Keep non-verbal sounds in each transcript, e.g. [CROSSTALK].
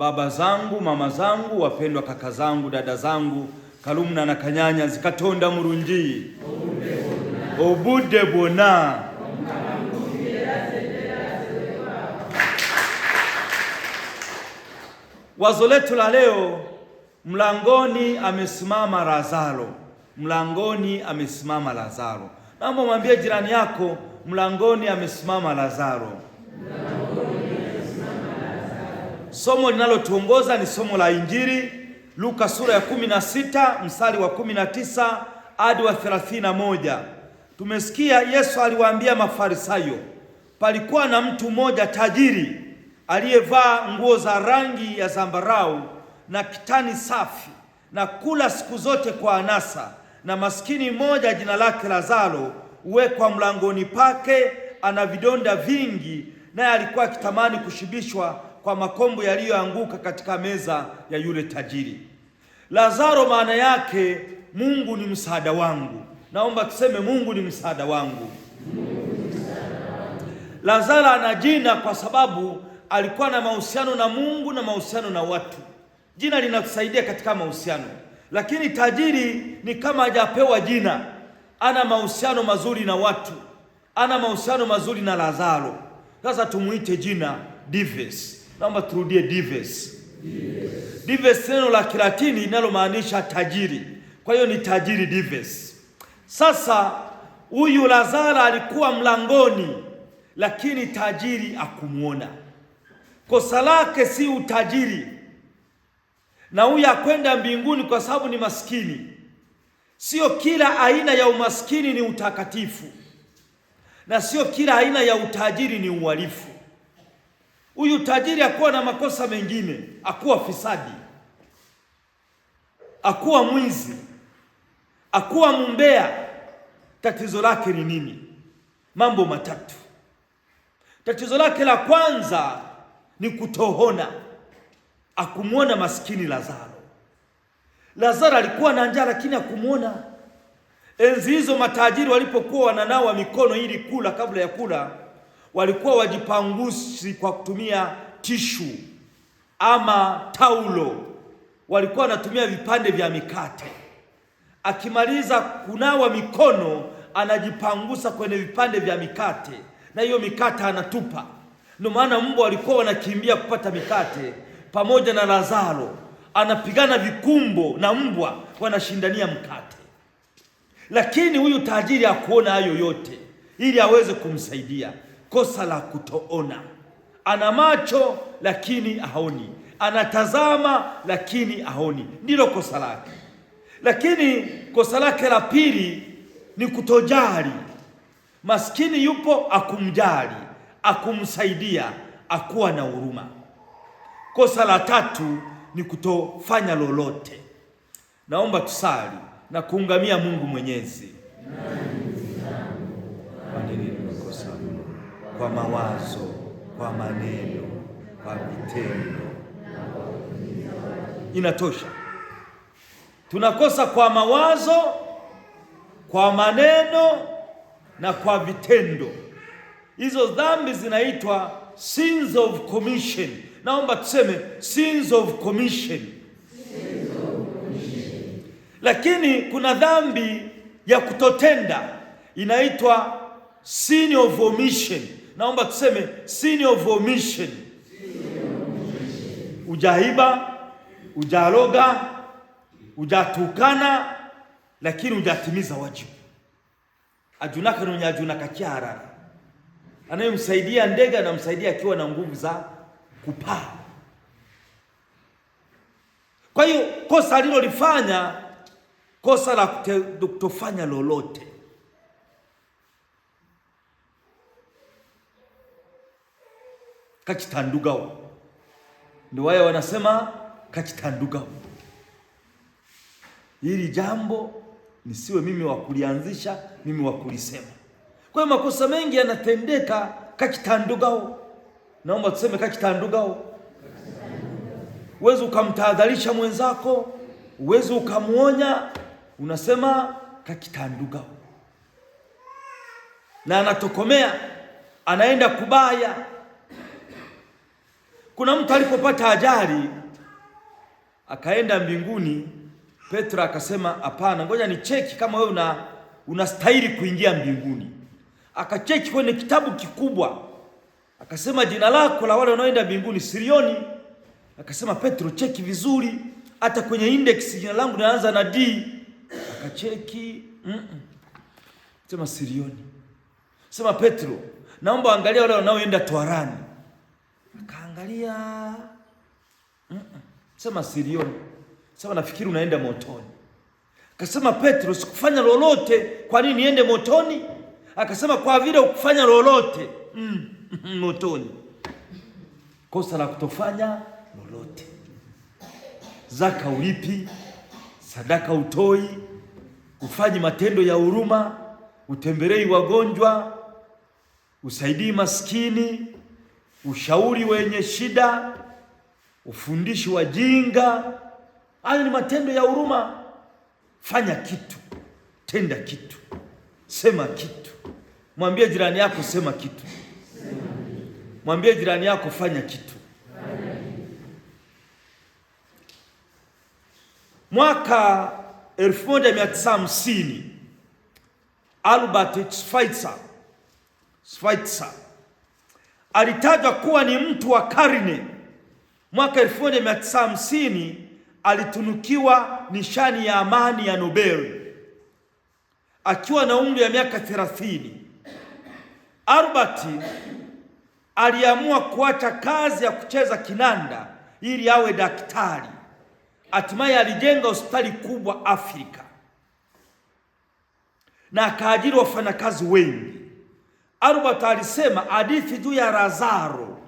baba zangu, mama zangu, wapendwa kaka zangu, dada zangu, kalumna na kanyanya zikatonda murungi obude bona Wazo letu la leo, mlangoni amesimama Lazaro. Mlangoni amesimama Lazaro. Naomba mwambie jirani yako, mlangoni amesimama Lazaro. Somo linalotuongoza ni somo la Injili Luka sura ya 16 mstari wa 19 hadi wa moja. Tumesikia Yesu aliwaambia Mafarisayo, palikuwa na mtu mmoja tajiri aliyevaa nguo za rangi ya zambarau na kitani safi na kula siku zote kwa anasa, na maskini mmoja jina lake Lazaro uwekwa mlangoni pake, ana vidonda vingi, naye alikuwa akitamani kushibishwa kwa makombo yaliyoanguka katika meza ya yule tajiri. Lazaro maana yake Mungu ni msaada wangu. Naomba tuseme Mungu ni msaada wangu. Lazaro ana jina kwa sababu alikuwa na mahusiano na Mungu na mahusiano na watu. Jina linakusaidia katika mahusiano, lakini tajiri ni kama hajapewa jina. Ana mahusiano mazuri na watu, ana mahusiano mazuri na Lazaro. Sasa tumuite jina Dives. Naomba turudie dives. Dives. Dives neno la Kilatini linalomaanisha tajiri, kwa hiyo ni tajiri dives. Sasa huyu Lazara alikuwa mlangoni, lakini tajiri akumwona. Kosa lake si utajiri, na huyu akwenda mbinguni kwa sababu ni maskini. Sio kila aina ya umaskini ni utakatifu, na sio kila aina ya utajiri ni uhalifu. Huyu tajiri akuwa na makosa mengine, akuwa fisadi, akuwa mwizi, akuwa mumbea. Tatizo lake ni nini? Mambo matatu. Tatizo lake la kwanza ni kutohona, akumwona maskini Lazaro. Lazaro alikuwa na njaa, lakini akumwona. Enzi hizo matajiri walipokuwa wananawa mikono ili kula, kabla ya kula walikuwa wajipangusi kwa kutumia tishu ama taulo, walikuwa wanatumia vipande vya mikate. Akimaliza kunawa mikono, anajipangusa kwenye vipande vya mikate, na hiyo mikate anatupa. Ndio maana mbwa walikuwa wanakimbia kupata mikate, pamoja na Lazaro anapigana vikumbo na mbwa, wanashindania mkate. Lakini huyu tajiri hakuona hayo yote, ili aweze kumsaidia kosa la kutoona. Ana macho lakini haoni, anatazama lakini haoni, ndilo kosa lake. Lakini kosa lake la pili ni kutojali. Maskini yupo akumjali, akumsaidia, akuwa na huruma. Kosa la tatu ni kutofanya lolote. Naomba tusali na kuungamia Mungu Mwenyezi kwa mawazo, kwa maneno, kwa vitendo. Inatosha. Tunakosa kwa mawazo, kwa maneno na kwa vitendo. Hizo dhambi zinaitwa sins of commission. Naomba tuseme sins of commission. Lakini kuna dhambi ya kutotenda inaitwa sin of omission naomba tuseme senior of omission, ujaiba, ujaroga, ujatukana, lakini ujatimiza wajibu. ajunaka nonye anayemsaidia ndege anamsaidia akiwa na nguvu za kupaa. Kwa hiyo kosa alilolifanya kosa la kutofanya lolote kakitandugao, ndio wao wanasema kakitandugao. Hili jambo nisiwe mimi wa kulianzisha, mimi wa kulisema. Kwa hiyo makosa mengi yanatendeka kakitandugao. Naomba tuseme kakitandugao. Uwezi ukamtahadharisha mwenzako, uwezi ukamwonya, unasema kakitandugao, na anatokomea, anaenda kubaya kuna mtu alipopata ajali akaenda mbinguni, Petro akasema hapana, ngoja ni cheki kama wewe una unastahili kuingia mbinguni. Akacheki kwenye kitabu kikubwa, akasema jina lako la wale wanaoenda mbinguni silioni. Akasema Petro, cheki vizuri, hata kwenye index jina langu linaanza na D. Akacheki mm -mm. Sema silioni. Sema Petro, naomba angalia wale wanaoenda toharani Akaangalia Sema silioni, sema nafikiri unaenda motoni. Akasema Petro, sikufanya lolote, kwa nini niende motoni? Akasema kwa vile ukufanya lolote mm, [LAUGHS] motoni. Kosa la kutofanya lolote. Zaka ulipi, sadaka utoi, ufanyi matendo ya huruma, utembelei wagonjwa, usaidii maskini ushauri wenye shida, ufundishi wa jinga. Hayo ni matendo ya huruma. Fanya kitu, tenda kitu, sema kitu, mwambie jirani yako sema kitu, mwambie jirani yako fanya kitu. Mwaka 1950 Albert Schweitzer Schweitzer alitajwa kuwa ni mtu wa karne. Mwaka 1950 alitunukiwa nishani ya amani ya Nobel akiwa na umri ya miaka 30. Albert aliamua kuacha kazi ya kucheza kinanda ili awe daktari. Hatimaye alijenga hospitali kubwa Afrika na akaajiri wafanyakazi wengi. Albert alisema hadithi juu ya Lazaro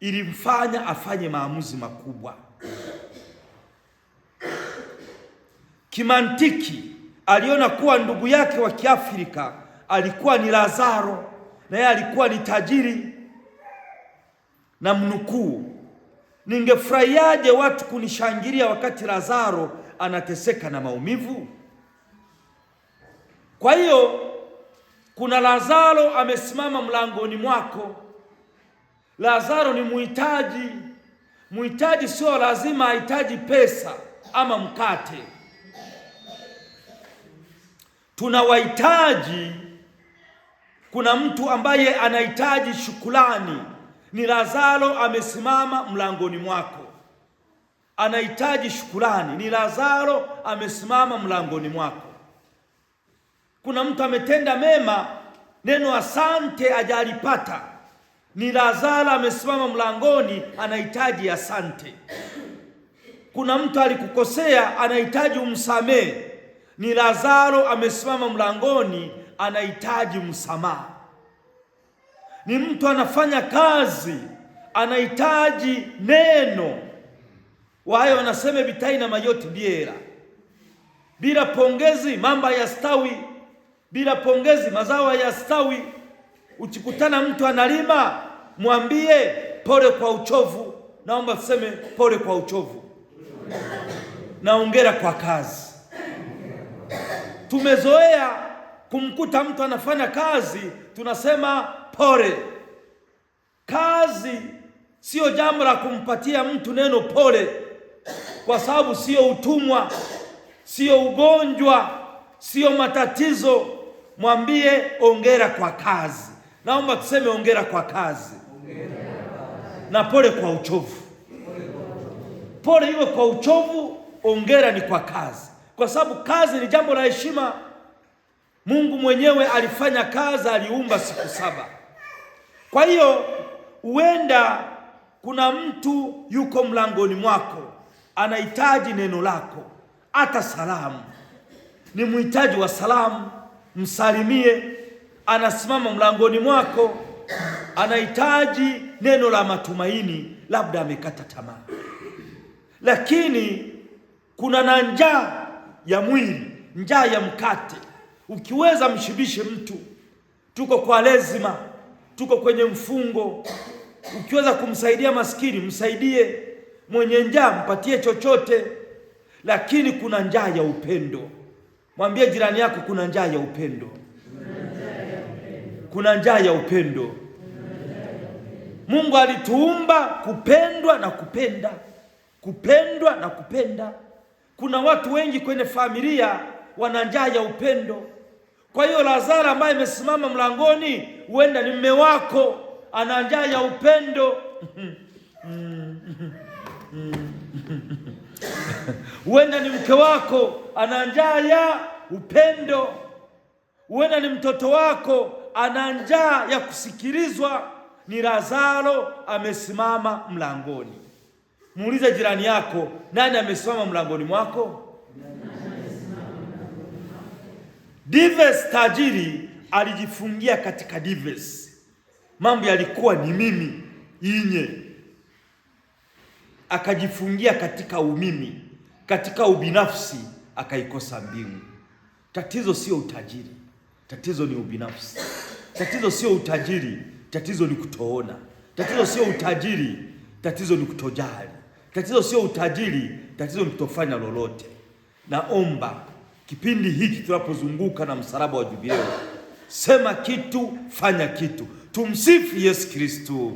ilimfanya afanye maamuzi makubwa kimantiki. Aliona kuwa ndugu yake wa Kiafrika alikuwa ni Lazaro, na yeye alikuwa ni tajiri na mnukuu, ningefurahiaje watu kunishangilia wakati Lazaro anateseka na maumivu. Kwa hiyo kuna Lazaro amesimama mlangoni mwako. Lazaro ni muhitaji. Muhitaji sio lazima ahitaji pesa ama mkate. Tuna wahitaji. Kuna mtu ambaye anahitaji shukulani ni Lazaro amesimama mlangoni mwako, anahitaji shukulani ni Lazaro amesimama mlangoni mwako. Kuna mtu ametenda mema Neno asante ajalipata, ni Lazaro amesimama mlangoni, anahitaji asante. Kuna mtu alikukosea, anahitaji umsamehe, ni Lazaro amesimama mlangoni, anahitaji msamaha. Ni mtu anafanya kazi, anahitaji neno. Wayo wanasema bitaina mayoti biera, bila pongezi ya stawi bila pongezi mazao hayastawi. Ukikutana mtu analima, mwambie pole kwa uchovu. Naomba tuseme pole kwa uchovu na hongera kwa kazi. Tumezoea kumkuta mtu anafanya kazi, tunasema pole. Kazi sio jambo la kumpatia mtu neno pole, kwa sababu sio utumwa, sio ugonjwa, sio matatizo mwambie ongera kwa kazi. Naomba tuseme ongera kwa kazi, na pole kwa uchovu. Pole iwe kwa uchovu, ongera ni kwa kazi, kwa sababu kazi ni jambo la heshima. Mungu mwenyewe alifanya kazi, aliumba siku saba. Kwa hiyo huenda kuna mtu yuko mlangoni mwako anahitaji neno lako, hata salamu ni mhitaji wa salamu msalimie, anasimama mlangoni mwako, anahitaji neno la matumaini, labda amekata tamaa, lakini kuna na njaa ya mwili, njaa ya mkate. Ukiweza mshibishe mtu. Tuko kwa lazima, tuko kwenye mfungo. Ukiweza kumsaidia maskini msaidie, mwenye njaa mpatie chochote, lakini kuna njaa ya upendo. Mwambie jirani yako, kuna njaa ya upendo, kuna njaa ya upendo. Mungu alituumba kupendwa na kupenda, kupendwa na kupenda. Kuna watu wengi kwenye familia wana njaa ya upendo. Kwa hiyo Lazara ambaye amesimama mlangoni, huenda ni mume wako, ana njaa ya upendo [LAUGHS] huenda ni mke wako ana njaa ya upendo. Huenda ni mtoto wako ana njaa ya kusikilizwa, ni Lazaro amesimama mlangoni. Muulize jirani yako, nani amesimama mlangoni mwako? Dives tajiri alijifungia katika Dives, mambo yalikuwa ni mimi inye, akajifungia katika umimi, katika ubinafsi akaikosa mbingu. Tatizo sio utajiri, tatizo ni ubinafsi. Tatizo sio utajiri, tatizo ni kutoona. Tatizo sio utajiri, tatizo ni kutojali. Tatizo sio utajiri, tatizo ni kutofanya lolote. Naomba kipindi hiki tunapozunguka na msalaba wa Jubileo, sema kitu, fanya kitu. Tumsifu Yesu Kristo.